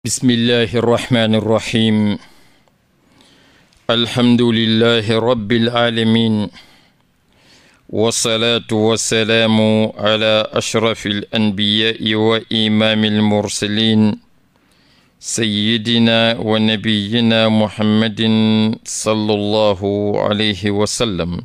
bismillahi irrahmani irrahim alhamdulilahi rabiilalamin wasalaatu wassalaamu ala ashrafi alanbiyaai wa imaami almursalin sayidina wa nabiyina muhammadin sallallahu alayhi wa sallam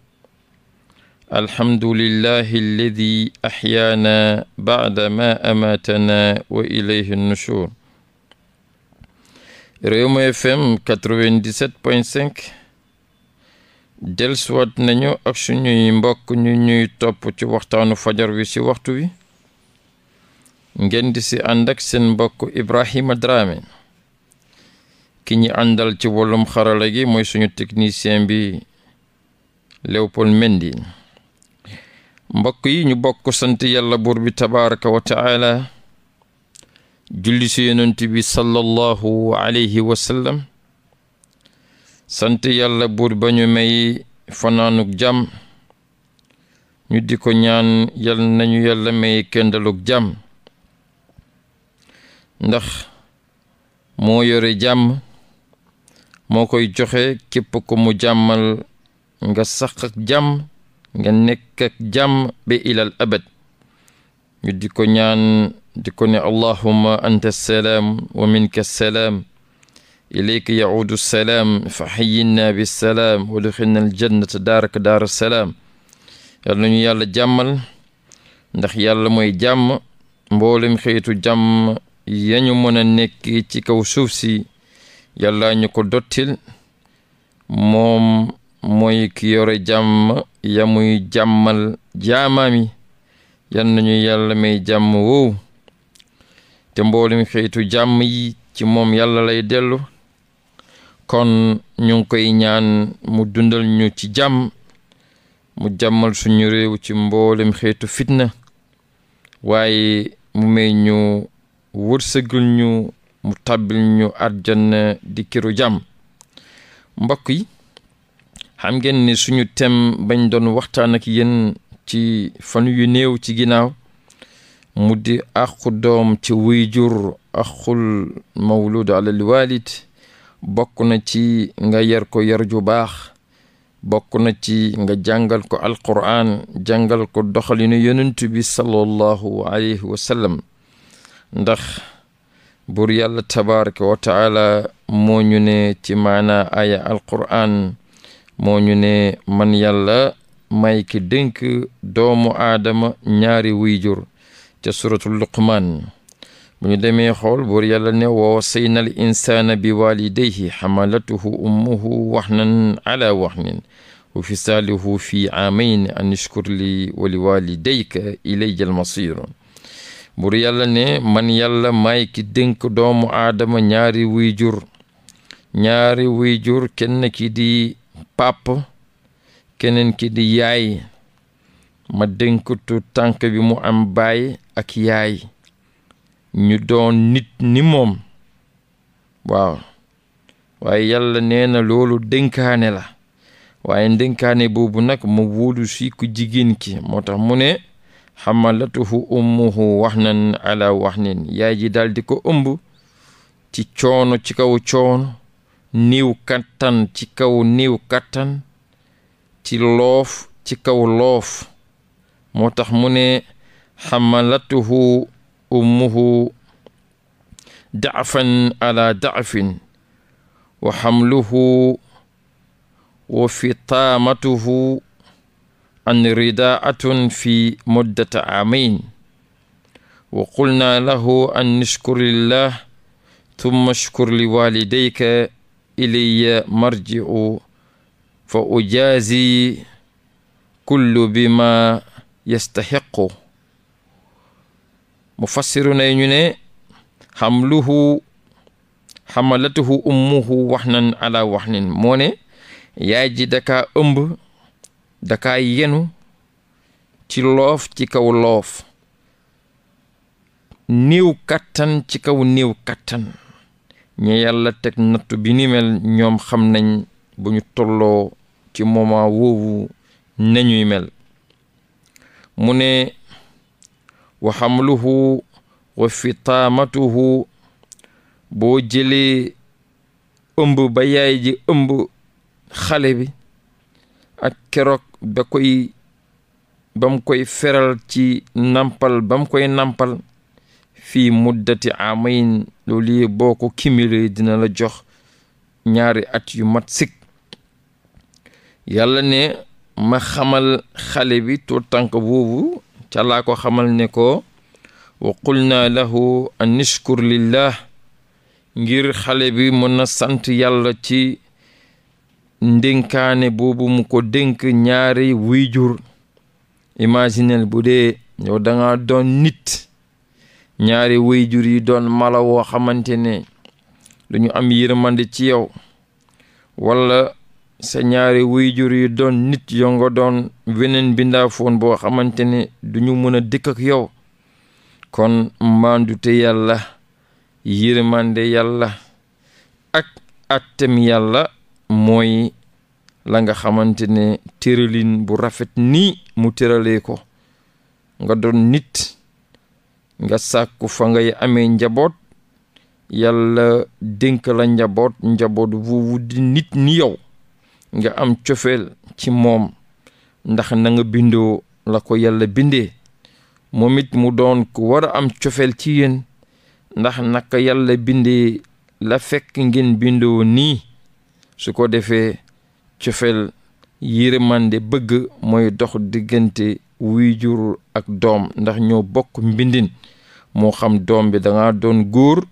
alhamdulillahi alladi axyaana baada ma amaatana wa ilayhi nushur Rewmi FM 97.5 delsuwaat nañu ak suñuy mbokk ñu ñuy topp ci waxtaanu fajar wi ci waxtu wi ngeen di si ànd ak seen mbokk Ibrahima Dramé ki ñi àndal ci wàllum xarala gi mooy suñu technicien bi Léopold Mendy mbokk yi ñu bokk sant yàlla buur bi tabaraka wa ta'ala julli si yonent bi sallallahu alayhi wa sant yàlla buur ba ñu may fanaanug jàmm ñu di ko ñaan yal nañu yàlla may kendalug jàmm ndax moo yore jàmm moo koy joxe képp ko mu jàmmal nga sax ak jàmm nga nekk ak jàmm ba ilal abad ñu di ko ñaan di ko ne allahumma anta salaam wa minka salaam ilayka yaudu salaam fa xayyinna bi salaam wa duxilna aljannata daaraka daara salaam yal nañu yàlla jàmmal ndax yàlla mooy jàmm mboolem xeetu jàmm yañu mën a nekk ci kaw suuf si yàlla ñu ko dottil moom mooy ki yore jàmm ya muy jàmmal jaamaami yan nañu yàlla may jàmm woowu te mboolem xeetu jàmm yi ci moom yàlla lay dellu kon ñu ngi koy ñaan mu dundal ñu ci jàmm mu jàmmal suñu réew ci mboolem xeetu fitna waaye mu may ñu wërsëgal ñu mu tabbil ñu àjjana di kiru jàmm mbokk yi xam ngeen ni suñu tem bañ doon waxtaan yenn ci fan yu néew ci ginnaaw mu di àqu doom ci wuy jur àqul mawlud alal walid bokk na ci nga yar ko yar ju baax bokk na ci nga jàngal ko alquran jàngal ko doxalinu yonent bi sallallahu alayhi wa ndax buur yàlla tabaraka wa taala moo ñu ne ci maanaa aya alquran moo ñu ne man yàlla mayki ki dénk doomu aadama ñaari wuyjur ca suratul luqmaan bu ñu demee xool buur yàlla ne wa wasaynal insaana bi walidayhi xamalatuhu ummuhu waxnan ala waxnin wa fisaalihu fi aamayn an ishkur li wa li walidayka ilayya almasiru buur yàlla ne man yàlla may ki dénk doomu aadama ñaari wuyjur ñaari wuyjur kenn pàpp keneen ki di yaay ma dénkatu tànk bi mu am baay ak yaay ñu doon nit ni moom waaw waaye yàlla nee na loolu dénkaane la waaye dénkaane boobu nag mu wóolu si ku jigéen ki moo tax mu ne xamalatuhu ummuhu wax nan ala wax nin yaay ji daldi ko ëmb ci coono ci kaw coono néew kattan ci kaw kattan ci loof kaw loof moo tax mu ne xamalatuhu ummuhu dacfan ala dacfin wa xamluhu wa ridaatun fi muddata aamayn wa qulna an nashkur lillah tumma shkur li ilayya marji'u fa ujaazi kullu bima yastaxiqu mufassiru nay ñu ne xamluhu xamalatuhu ummuhu wax nan ala wax nin dakaa ëmb dakaa yenu ci loof ci kaw loof néew kattan ci kaw néew kattan ñi yàlla teg nattu bi ni mel ñoom xam nañ bu ñu tolloo ci moment woowu nañuy mel mu ne wa xamluhu wa fitaamatuhu boo jëlee ëmb ba yaay ji ëmb xale bi ak keroog ba koy bam koy feral ci nampal bam koy nampal fii muddati amayn loolu yee boo ko kimile dina la jox ñaari at yu mat sik yàlla ne ma xamal xale bi tuur tànk boobu ca laa ko xamal ne ko wa qulna lahu an nishkur lillah ngir xale bi mën na sant yàlla ci ndénkaane boobu mu ko dénk ñaari wuyjur imaginel bu dee yow da nga nit ñaari wayjur yi doon mala woo xamante ne duñu am yërmande ci yow wala sa ñaari wayjur yi doon nit yo nga doon weneen bindaafoon boo xamante ne duñu mën a dëkk ak yow kon mbaandute yàlla yërmande yàlla ak attem yàlla mooy la nga xamante ne bu rafet nii mu tëralee ko nga doon nit nga sàkku fa ngay amee njaboot yàlla dénk la njaboot njaboot boobu di nit ni yow nga am cofeel ci moom ndax na nga bindoo la ko yàlla bindee moom it mu doon ku war a am cofeel ci yéen ndax naka yàlla bindee la fekk ngeen bindoo nii su ko defee cofeel yërmande bëgg mooy dox diggante wuy jur ak doom ndax ñoo bokk mbindin moo xam doom bi da doon góor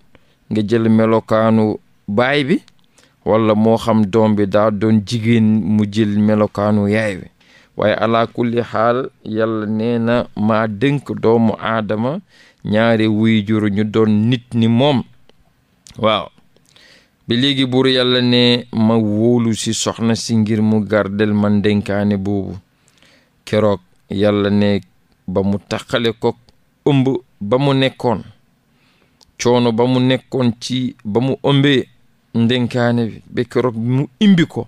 nga jël melokaanu baay bi wala moo xam doom bi daa doon jigéen mu jël melokaanu yaay bi waaye ala kulli xaal yàlla nee na maa dënk doomu aadama ñaari wuy jur ñu doon nit ni moom waaw bi léegi buur yàlla ne ma wóolu ci soxna si ngir mu gardel man dénkaane boobu keroog yàlla ne ba mu taxale ko ëmb ba mu nekkoon coono ba mu nekkoon ci ba mu ëmbee ndenkaane bi bekk rog mu imbi ko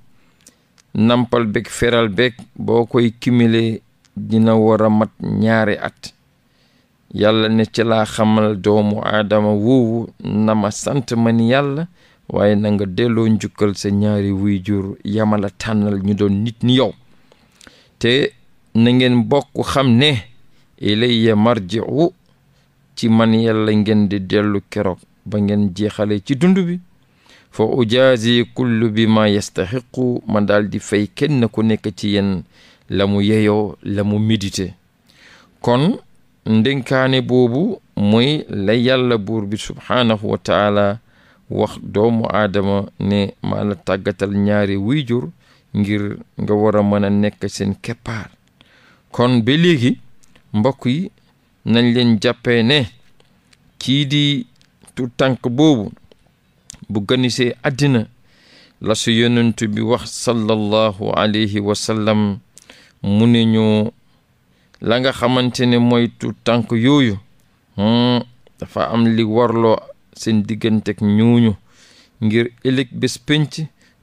nampal bek feral bek boo koy kimilee dina wara mat ñaari at yàlla ne ci laa xamal doomu aadama woowu nama sant man yàlla waaye nanga delloo njukkal sa ñaari wuy jur yamala tànnal ñu doon nit ni yow te na ngeen bokk xam ne ilayya marji'u ci man yàlla ngeen di dellu keroog ba ngeen jeexale ci dund bi fa ujaazi kullu bi ma yastaxiqu man daldi di fay kenn ku nekk ci yenn la mu yeyoo la mu médité kon ndénkaane boobu mooy la yàlla buur bi subhaanahu wax doomu aadama ne maa la tàggatal ñaari wuy ngir nga war a mën a nekk seen keppaar kon ba léegi mbokk yi nañ leen jàppe ne kii di tu tànk boobu bu ganisee àddina la su yonent bi wax sallallahu alayhi wa sallam mu ne ñu la nga xamante ne mooy tu tànk yooyu hmm, dafa am li warloo seen diggantek ñooñu ngir ëllëg bés pénc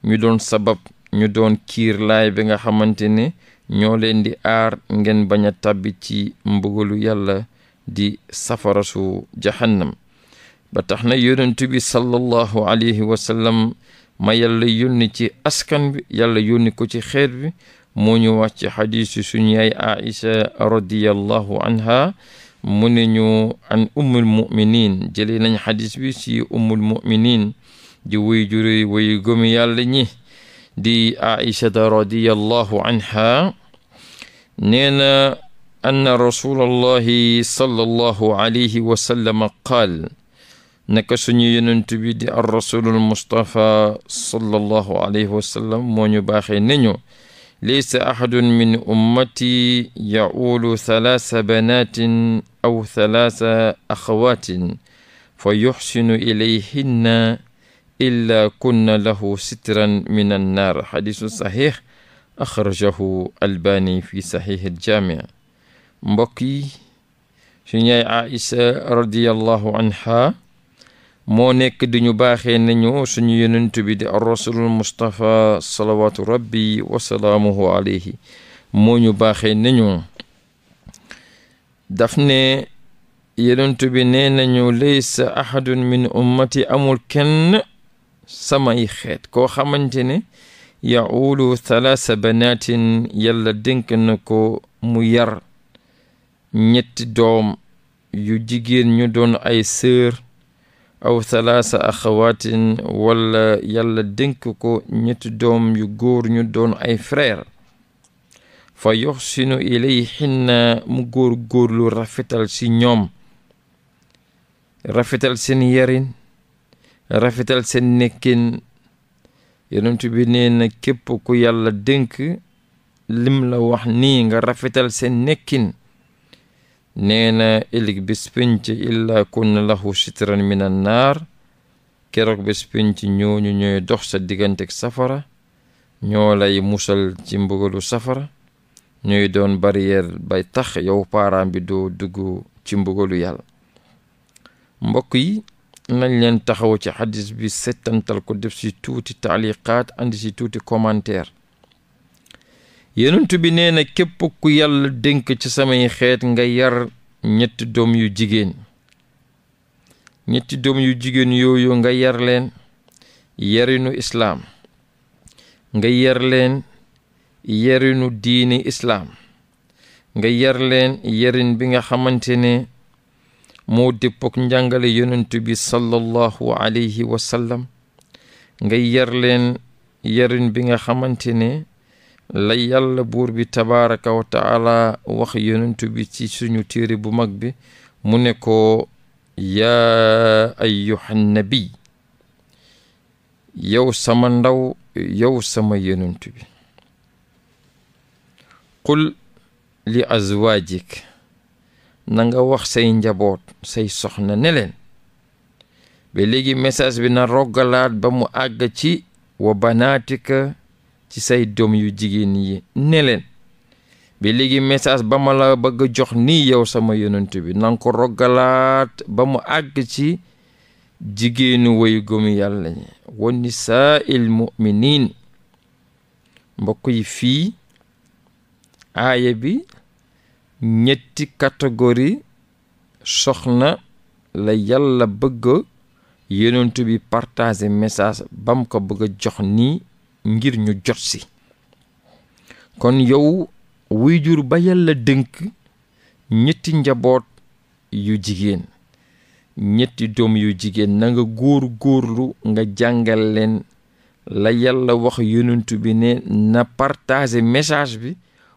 ñu doon sabab ñu doon kiir laay bi nga xamante ne ñoo leen di aar ngeen bañ a tàbbi ci mbugalu yàlla di safara su jahannam ba tax na yonent bi sallallahu alayhi wa ma yàlla yónni ci askan bi yàlla yónni ko ci xeet bi moo ñu wax ci xadiis yi suñu yaay Aïcha radiyallahu anha mu ne ñu an ummul muminin jëlee nañ xadiis bi si ummul muminin di woy jure woy gomi yàlla ñi di Aïchata radiyallahu anha nee na anna rasulallahi sallallahu alayhi wa sallam qaal naka suñu yonent bi di ar rasulul mustapha sallallahu alayhi wa sallam moo ñu baaxee nañu laysa ahadun min ummati yaulu thalaatha banaatin aw thalaatha axawaatin fa yuxsinu ilayhinna illa kunna lahu sitran min annaar xadiisun saxiix axrajahu albani fi saxiix aljaamia mbokk yi suñu yaay aïsa radiallahu anha moo nekk di ñu baaxee nañu suñu yonent bi di arrasulul mustapha salawaatu rabbi wasalaamuhu alayhi moo ñu baaxee nañu daf ne yonent bi nee nañu laysa ahadun min ummati amul kenn samay xeet koo xamante ne yaulu thalasa banatin yàlla dénk na ko mu yar ñetti doom yu jigéen ñu doon ay sœur aw thalasa axawaatin wala yàlla dénk ko ñetti doom yu góor ñu doon ay frère fa yoxsinu ilayhinna mu góor góorlu rafetal ci ñoom rafetal seen yarin rafetal seen nekkin yonent bi nee na képp ku yàlla dénk lim la wax nii nga rafetal seen nekkin nee na ëllëg bés pénc illaa kunna lahu sitran min naar keroog bés ñooñu ñooy dox sa diggantek safara ñoo lay musal ci mbugalu safara ñooy doon barrière bay tax yow paaraam bi doo dugg ci mbugalu yàlla mbokk yi nañ leen taxaw ci xadis bi setantal ko def si tuuti taaliqaat andi si tuuti commentaire yenentu bi nee na képp ku yàlla dénk ci samay xeet nga yar ñetti doom yu jigéen ñetti doom yu jigéen yooyu nga yar leen yarinu islaam nga yar leen yarinu diini islaam nga yar leen yarin bi nga xamante ne moo dëppook njàngale yonent bi sallallahu alayhi wa ngay yar leen yarin bi nga xamante ne la yàlla buur bi tabaraka wa taala wax yonent bi ci suñu téere bu mag bi mu ne ko yaa ayyuhan nabi yow sama ndaw yow sama yonent bi li azwaajik nanga wax say njaboot say soxna ne leen léegi message bi na roggalaat ba mu àgg ci wa banaatika ci say doom yu jigéen yi ne leen ba léegi message ba ma la bëgg jox ni yow sama yonent bi nang nga ko roggalaat ba mu àgg ci jigéenu woy gomi yàlla ñi wa nisaa il muminin mbokk yi fii aaya bi ñetti catégorie soxna la yàlla bëgg yonent bi partager message bam ko bëgg jox ni ngir ñu jot si kon yow wuy jur ba yàlla dënk ñetti njaboot yu jigéen ñetti doom yu jigéen na nga góor góorlu nga jàngal la yàlla wax yonent bi ne na partager message bi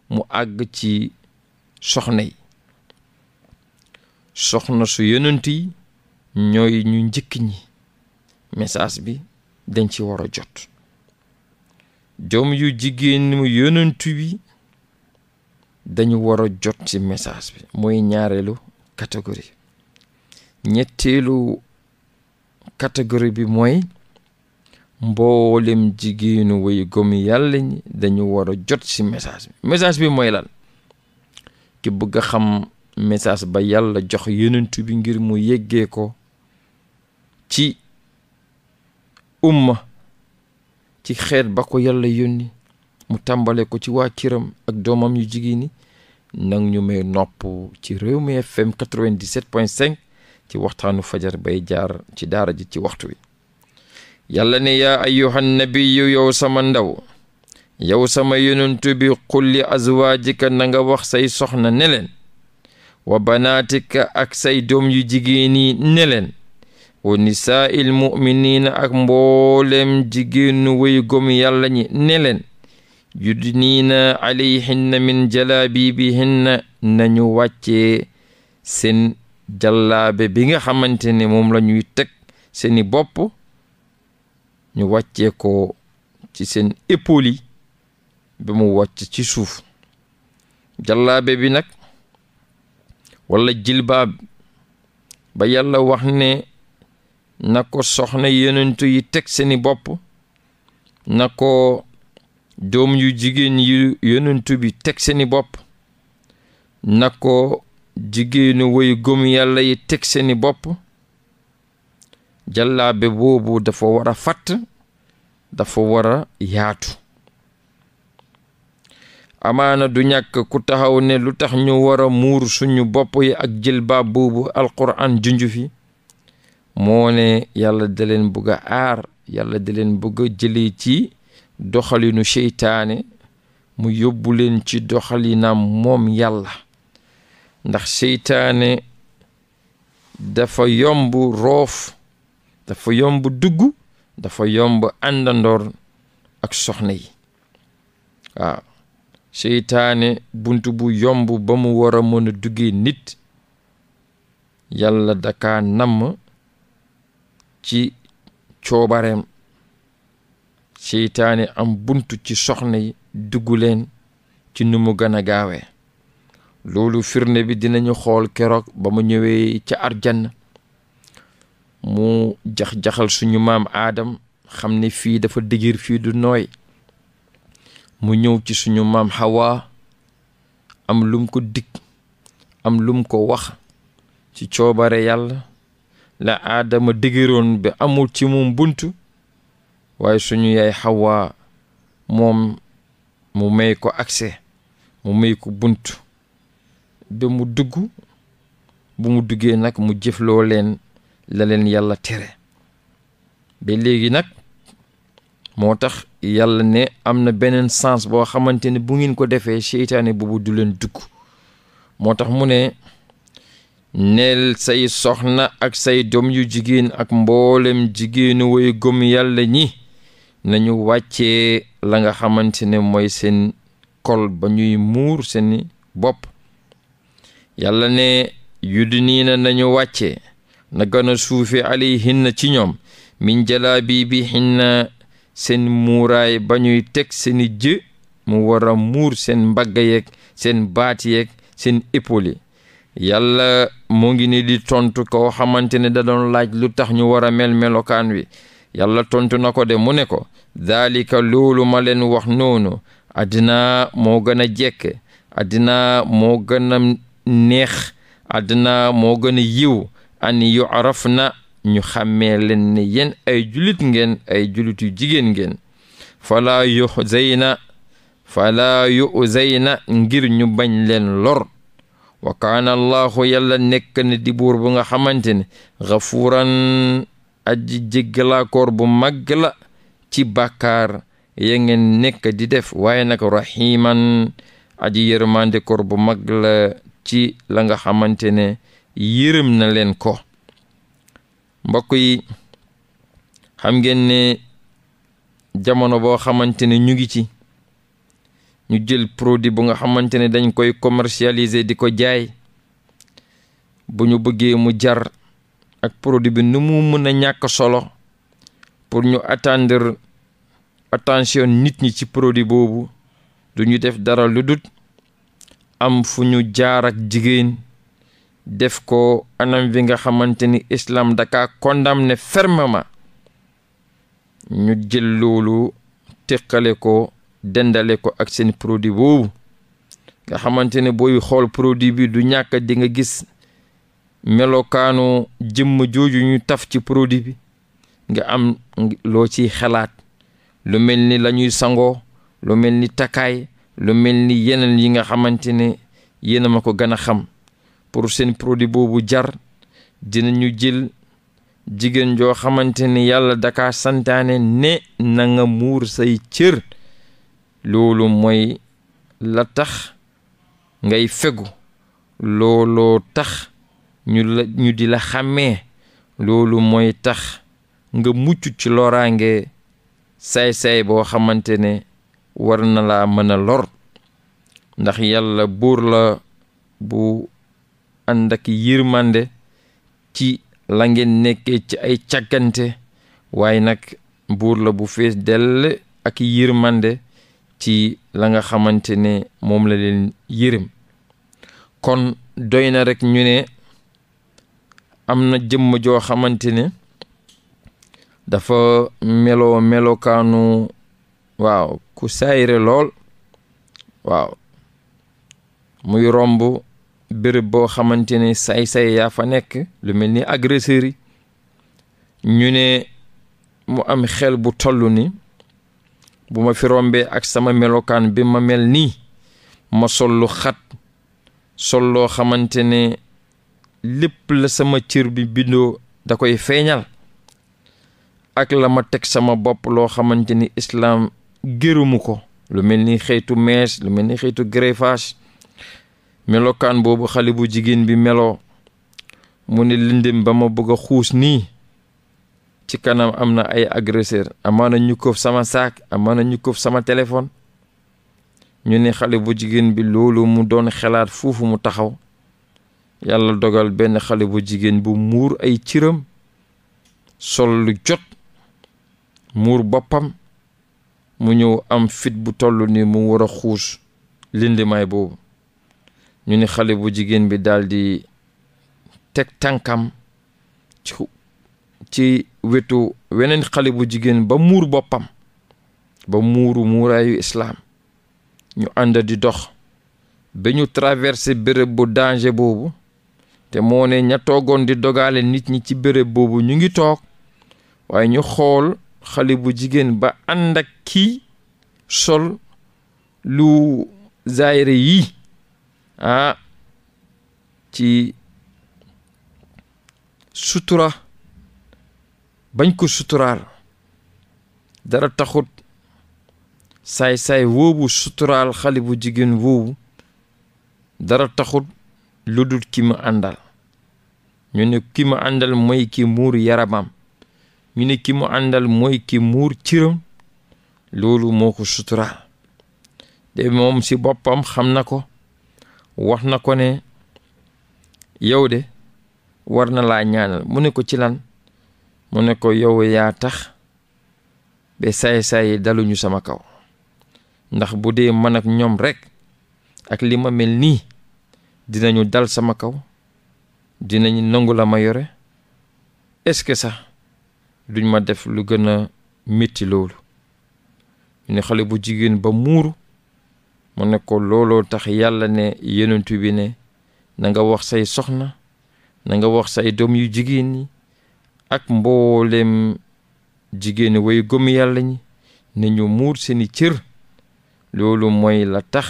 mu àgg ci soxna yi soxna su yonent yi ñooy ñu njëkk ñi message bi dañ ci war a jot jom yu jigéen mu yonent bi dañu wara jot ci message bi mooy ñaareelu catégorie ñetteelu catégorie bi mooy mboolem jigéenu way gëm yàlla ñi dañu war a jot ci message bi message bi mooy lan ki bëgg xam message ba yàlla jox yonent bi ngir mu yéggee ko ci umma ci xeet ba ko yàlla yónni mu tàmbale ko ci waa kiram ak doomam yu jigéen ñi nang ñu may nopp ci réew Rewmi FM 97.5 ci waxtaanu fajar bay jaar ci daara ji ci waxtu wi yàlla ne yaa ayyuhan nabiyyu yow sama ndaw yow sama yonent bi xulli azwaajika na nanga wax say soxna neleen leen wa banaatika ak say doom yu jigéen yi ne leen wa nisaa il muminina ak mboolem jigéenu way gom yàlla ñi ne leen yudniina alayhinna min jalaabibihinna nañu wàccee seen jallaabe bi nga xamante ni moom la ñuy teg seeni bopp ñu wàccee ko ci seen épaule yi bi mu wàcc ci suuf jàllaabe bi nag walla jilbaab ba yàlla wax ne na ko soxna yenentu yi teg seeni bopp na ko doom yu jigéen yu yenentu bi teg seeni bopp na ko jigéenu woy gëm yàlla yi teg seeni bopp jàllaabe boobu dafa war a dafa war a yaatu amaana du ñàkk ku taxaw ne lu tax ñu war a muur suñu bopp yi ak jilbaab boobu alquran junju fi moo ne yàlla da leen aar yàlla da leen bëgg a jëlee ci doxalinu seytaane mu yóbbu leen ci doxalinam moom yàlla ndax seytaane dafa yomb roof dafa yomb dugg dafa yomb àndandoor ak soxna yi waaw seytaane bunt bu yomb ba mu war a mën a duggee nit yàlla dakaa namm ci coobareem seytaane am bunt ci soxna yi dugg leen ci nu mu gën a gaawee loolu firne bi dinañu xool keroog ba mu ñëwee ca arjann mu jax-jaxal suñu maam aadam xam ne fii dafa diggir fii du nooy mu ñëw ci suñu maam Hawa am lum ko dig am lum ko wax ci coobare yàlla la aadama dëgëroon bi amul ci moom buntu waaye suñu yaay Hawa moom mu may ko accès mu may ko buntu ba mu dugg bu mu duggee nag mu jëfloo leen la leen yàlla tere ba léegi nag moo tax yàlla ne am na beneen sens boo xamante ne bu ngeen ko defee seytaane boobu du leen dugg moo tax mu ne neel say soxna ak say doom yu jigéen ak mboolem jigéenu woy gëm yàlla ñi nañu wàcce la nga xamante ne mooy seen kol ba ñuy muur seeni bopp yàlla ne yudniina nañu wàcce na gën a suufe alayhinna ci ñoom min jalaabi bi hinna seen muuraay ba ñuy teg seeni jë mu war a muur seen mbagg yeeg seen baat yeeg seen épaule yàlla mu ngi ni di tontu koo xamante ne da laaj lu tax ñu war a mel melokaan wi yàlla tontu na ko de mu ne ko daalika loolu ma leen wax noonu àddina moo gën a jekk àddina moo gën a neex àddina moo gën yiw an yu'raf na ñu xàmmee leen ne yéen ay julit ngeen ay julit yu jigéen ngeen falaa yuxzayna falaa yuxzayna ngir ñu bañ leen lor wa kaana allaahu yàlla nekk ne di buur bu nga xamante ne gafuuran aji jéggalaakoor bu mag la ci bàkkaar yee ngeen nekk di def waaye nag rahiman aj yërmande bu mag la ci la nga xamante ne yërëm na leen ko mbokk yi xam ngeen ne jamono boo xamante ne ñu ngi ci ñu jël produit bu nga xamante ne dañ koy commercialiser di ko jaay bu ñu bëggee mu jar ak produit bi nu mu mën a ñàkk solo pour ñu attendre attention nit ñi ci produit boobu du ñu def dara lu dut am fu ñu jaar ak jigéen def ko anam bi nga xamante ni islam daka condamné fermement ñu jël loolu ko dendale ko ak seen produit boobu nga xamante ne booy xool produit bi du ñàkk di nga gis melokaanu jëmm jooju ñu taf ci produit bi nga am loo ci xalaat lu mel ni lañuy sangoo lu mel ni takkaay lu mel ni yeneen yi nga xamante ne yéen a ma ko gën a xam pour seen produit boobu jar dinañu jël jigéen joo xamante ne yàlla dakaa santaane ne nanga nga muur say cër loolu mooy la tax ngay fegu looloo tax ñu la ñu di la xàmmee loolu mooy tax nga mucc ci loraange saay-saay boo xamante ne war na laa mën a lor ndax yàlla buur la bu ànd ak yërmande ci la ngeen nekkee ci ay càggante waaye nag buur la bu fees dell ak yërmande ci la nga xamante ne moom la leen yërëm kon doy na rek ñu ne am na jëmm joo xamante ne dafa meloo melokaanu waaw ku saayre lool waaw muy romb bërëb boo xamante ni saay-saay yaa fa nekk lu mel ni agresseurs yi ñu ne mu am xel bu tollu ni bu ma fi ak sama melokaan bi ma mel nii ma sol lu xat sol loo xamante ne lépp la sama cër bi bindoo da koy feeñal ak la ma teg sama bopp loo xamante ni islaam gërumu ko lu mel ni xeetu mees lu mel ni xeetu greffage melokaan boobu xale bu jigéen bi melo mu ne lindim ba ma bëgg a xuus nii ci kanam am na ay agresseur amaana ñu këf sama saak amaana ñu këf sama téléphone ñu ne xale bu jigéen bi loolu mu doon xalaat foofu mu taxaw yàlla dogal benn xale bu jigéen bu muur ay ciram sol lu jot muur boppam mu ñëw am fit bu toll ni mu war a xuus lindimaay boobu ñu ne xale bu jigéen bi daldi teg tànkam ci wetu weneen xale bu jigéen ba muur boppam ba muuru muuraayu islaam ñu ànd di dox ba ñu traversé béréb bu danger boobu te moone ne ña toogoon di dogale nit ñi ci béréb boobu ñu ngi toog waaye ñu xool xale bu jigéen ba ànd ak sol lu zaayre yi ci sutura bañ ko suturaal dara taxut saay-saay woowu suturaal xale bu jigéen woobu dara taxut lu dul ki ma àndal ñu ne ki ma àndal mooy ki muur yaramam ñu ne ki mu àndal mooy ki muur ciram loolu moo ko suturaal de moom si boppam xam na ko wax na ko ne yow de war na laa ñaanal mu ne ko ci lan mu ne ko yow yaa tax ba saay-saay daluñu sama kaw ndax bu dee man ak ñoom rekk ak li ma mel nii dinañu dal sama kaw dinañu nangu la ma yore est-ce que sax duñ ma def lu gën a metti loolu ñu ne xale bu jigéen ba muuru mu ne ko looloo tax yàlla ne yenentu bi ne nanga wax say soxna na nga wax say doom yu jigéen ñi ak mboolem jigéen way gëm yàlla ñi ne ñu muur seeni cër loolu mooy la tax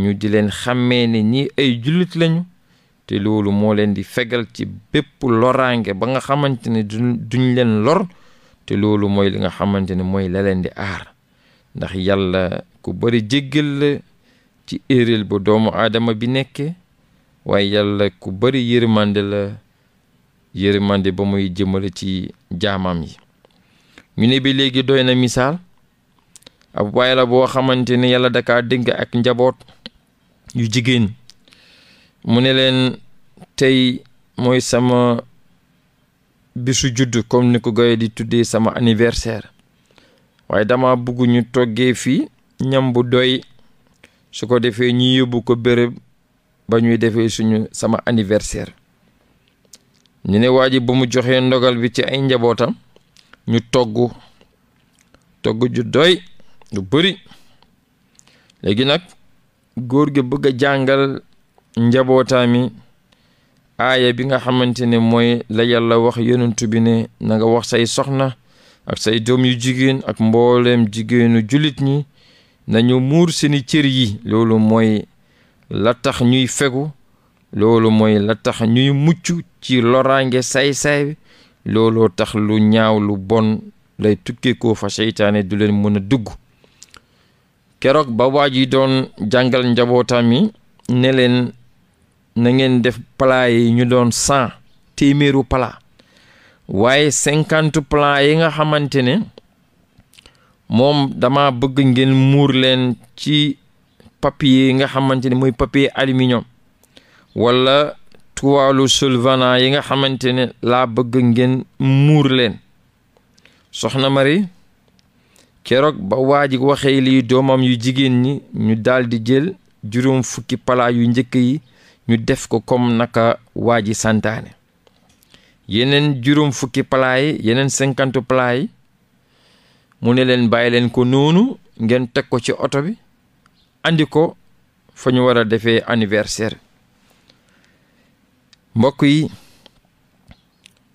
ñu di leen xàmmee ni ñi ay jullit lañu te loolu moo leen di fegal ci bépp loraange ba nga xamante ne duñ leen lor te loolu mooy li nga xamante ne mooy la leen di aar ndax yàlla ku bari jéggal la ci éréel bu doomu aadama bi nekke waaye yàlla ku bari yërmande la yërmande ba muy jëmmale ci jaamam yi ñu ne bi léegi doy na misaal ab waay la boo xamante ne yàlla daka dénk ak njaboot yu jigéen mu ne leen tey mooy sama bisu judd comme ni ko gaye di tuddee sama anniversaire waaye dama bugg ñu toggee fii ñam bu doy su ko defee ñu yóbbu ko béréb ba ñuy defee suñu sama anniversaire ñu ne waa ji bu mu joxee ndogal bi ci ay njabootam ñu toggu togg ju doy lu bëri léegi nag góor gi bëgg a jàngal njabootaami aaya bi nga xamante ne mooy la wax yonent bi ne na nga wax say soxna ak say doom yu jigéen ak mboolem jigéenu jullit ñi nañu muur seeni cër yi loolu mooy la tax ñuy fegu loolu mooy la tax ñuy mucc ci loraange say-say looloo tax lu ñaaw lu bon lay tukkeekoo fa seytaane du leen mën a dugg keroog ba waa ji doon jàngal njabootam yi ne leen na ngeen def palaa yi ñu doon cent téeméeru palaa waaye cinquante plan yi nga xamante ne moom dama bëgg ngeen muur leen ci papier yi nga xamante ne mooy papier aluminium wala tuwaalu solvana yi nga xamante ne laa bëgg ngeen muur leen soxna Mari keroog ba waa ji waxee lii doomam yu jigéen ñi ñu daldi jël juróom fukki palaa yu njëkk yi ñu def ko comme naka waa ji santaane yeneen juróom fukki palaay yeneen cinquante palaay mu ne leen bàyyi leen ko noonu ngeen teg ko ci oto bi andi ko fa ñu war a defee anniversaire mbokk yi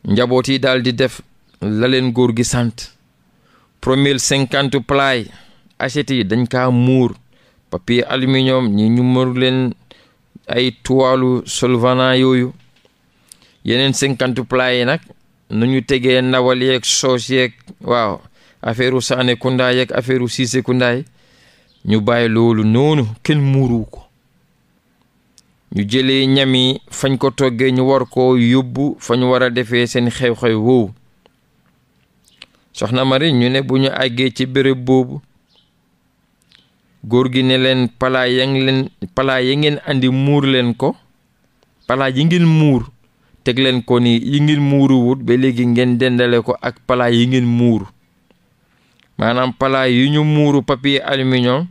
njaboot yi daal def la leen góor gi sant premier cinquante palaay assiette yi dañ kaa muur papier aluminium ñi ñu mër leen ay tuwaalu solvana yooyu yeneen cinquante plat yi nag nu ñu tegee ndawal yeeg soos yeeg waaw affaire u saane kundaay yeeg affaire u ñu bàyyi loolu noonu kenn muuru ko ñu jëlee ñami fañ ko toggee ñu war koo yóbbu fa ñu war a defee seen xew-xew woowu soxna mari ñu ne bu ñu àggee ci béréb boobu góor gi ne leen palaa ya ngeen leen andi muur leen ko palaa ji ngeen muur teg leen ko ni yi ngir muuruwut ba léegi ngeen dendale ko ak palaa yi ngeen muuru maanaam palaa yi ñu muuru papier aluminium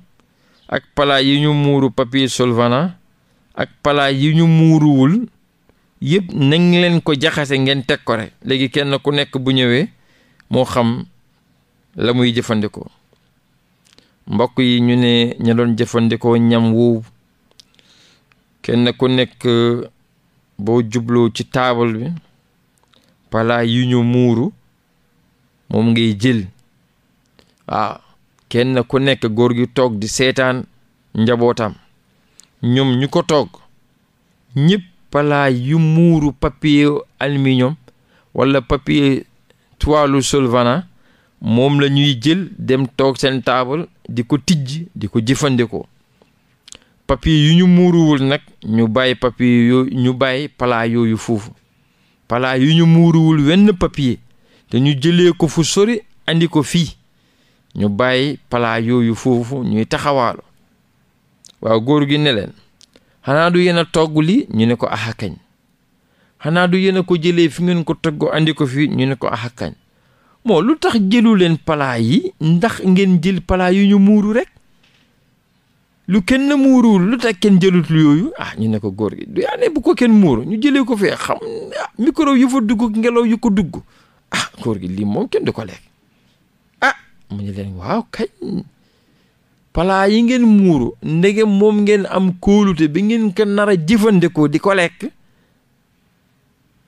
ak palaa yi ñu muuru papier solvana ak palaa yi ñu muuruwul yëpp nañ leen ko jaxase ngeen teg ko rek léegi kenn ku nekk bu ñëwee moo xam la muy jëfandikoo mbokk yi ñu ne ña doon jëfandikoo ñam woowu kenn ku nekk boo jubloo ci taabal bi palaa yu ñu muuru moom ngay jël waaw ah, kenn ku nekk góor gi toog di seetaan njabootam ñoom ñu ko toog ñëpp palaa yu muuru papier aluminium walla papier toilu solvana moom la ñuy jël dem toog seen taabal di ko tijji di ko jëfandikoo papier yu ñu muuruwul nag ñu bàyyi papier yu ñu bàyyi palaa yooyu foofu palaa yu ñu muuruwul wenn papier te ñu jëlee ko fu sori andi ko fii ñu bàyyi palaa yooyu foofu ñuy taxawaalo waa góor gi ne leen xanaa du yéen a togg li ñu ne ko axa xanaa du yéen ko jëlee fi ngeen ko togg andi ko fii ñu ne ko axa kañ moo lu tax jëlu leen palaa yi ndax ngeen jël palaa yu ñu muuru rek lu kenn muuruwul lu tax kenn jëlut lu yooyu ah ñu ne ko góor du yaa bu ko kenn muuru ñu jëlee ko fee xam ah micro yu fa dugg ngelaw yu ko dugg ah góor gi lii moom kenn du ko lekk ah mu ñu leen waaw kañ palaa yi ngeen muuru ndege moom ngeen am kóolute bi ngeen kenn nar a jëfandikoo di ko lekk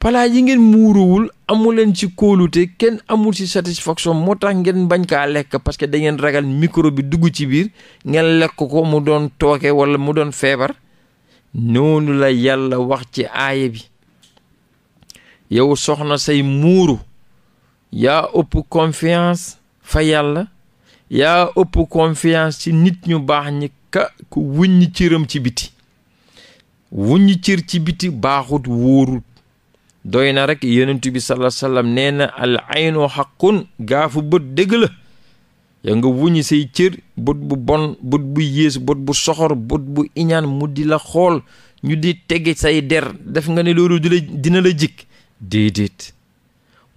palaa yi ngeen muuruwul amu leen ci kóolute kenn amul ci satisfaction moo tax ngeen bañ kaa lekk parce que da ngeen ragal micro bi dugg ci biir ngeen lekk ko mu doon tooke wala mu doon feebar noonu la yàlla wax ci aaya bi yow soxna say muuru yaa ëpp confiance fa yàlla yaa ëpp confiance ci nit ñu baax ñi ka ku wuññi cëram ci biti wuññi cër ci biti baaxut wóorut doy na rek yonent bi sallallahu alayhi nee na al aynu xaqun gaafu bët dëgg la yaa nga wuñi say cër bët bu bon bët bu yées bët bu soxor bët bu iñaan mu di la xool ñu di tege say der def nga ne loolu di dina la jikk déedéet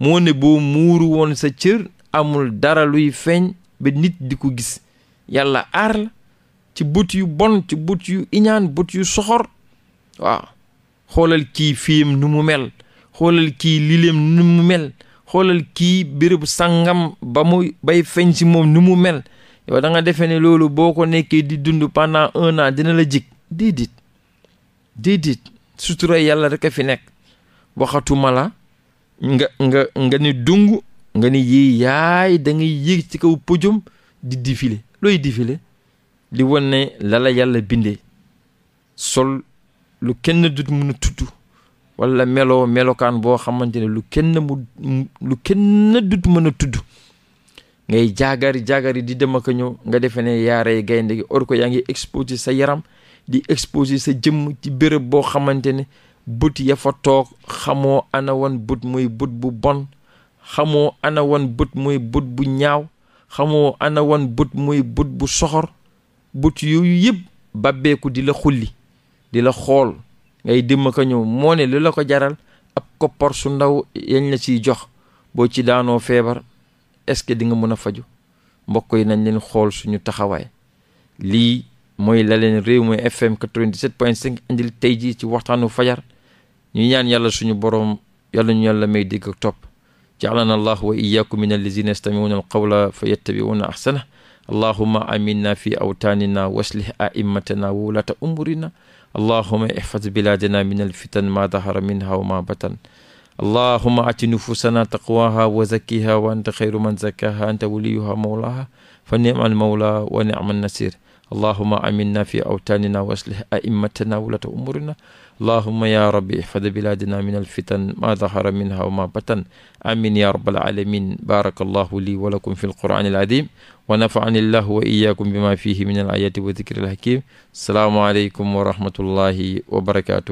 moo ne boo muuru woon sa cër amul dara luy feeñ ba nit di ko gis yàlla aar ci bët yu bon ci bët yu iñaan bët yu soxor waaw xoolal kii fiim nu mu mel xoolal kii lileem ni mu mel xoolal kii bérébu sangam ba mu bay feñ si moom ni mu mel yow da nga defee ne loolu boo ko nekkee di dund pendant un an dina la jig déedéet déedéet sutura yàlla rek a fi nekk waxatuma la nga nga ni dung nga ni yii yaay da ngay ci kaw pojum di difile looy difile li wan ne yàlla bindee sol lu kenn du mun a tudd wala melo melokaan boo xamante ne lu kenn mu lu kenn dut mën a tudd ngay jaagari jaagari di dem ak ñëw nga defe ne yaaree gaynde gi or ko yaa ngi exposé sa yaram di exposé sa jëmm ci béréb boo xamante ne but ya fa toog xamoo ana woon but muy but bu bon xamoo ana woon but muy but bu ñaaw xamoo ana woon but muy but bu soxor but yooyu yëpp bàbbeeku di la xulli di la xool ngay dimma ko ñëw moo ne lu la ko jaral ab koppar su ndaw yañ la ciy jox boo ci daanoo feebar est-ce que di mën a faju mbokk yi nañ leen xool suñu taxawaay lii mooy la leen réew mi FM 97.5 indil tey jii ci waxtaanu fajar ñu ñaan yàlla suñu borom yàlla ñu yàlla may dégg ak topp jaalana allahu wa iyaakum min allazina yastamiuna alqawla fa yattabiuna ahsana allahuma aminna fi awtaanina waslih aimatana wa wulata umurina allahuma ihfaz bilaadana min alfitan ma dahara minha wa ma batan allahuma ati nufusana taqwaha wa zakkiha wa anta xayru man zakkaha anta waliyuha mawlaha fa ni'mal mawla wa ni'man nasir allahuma aminna fi awtaanina wa aslih aimmatana wulata umurina allahuma ya rabbi ihfad biladina min alfitan ma dahara minha wa ma batan amin ya rabbal alamin baraka allahu li wa lakum fi alqur'ani aladim wa nafa'ani allahu wa iyyakum bima fihi min alayati wa dhikri alhakim salaamu aleykum wa rahmatullahi wa barakatuh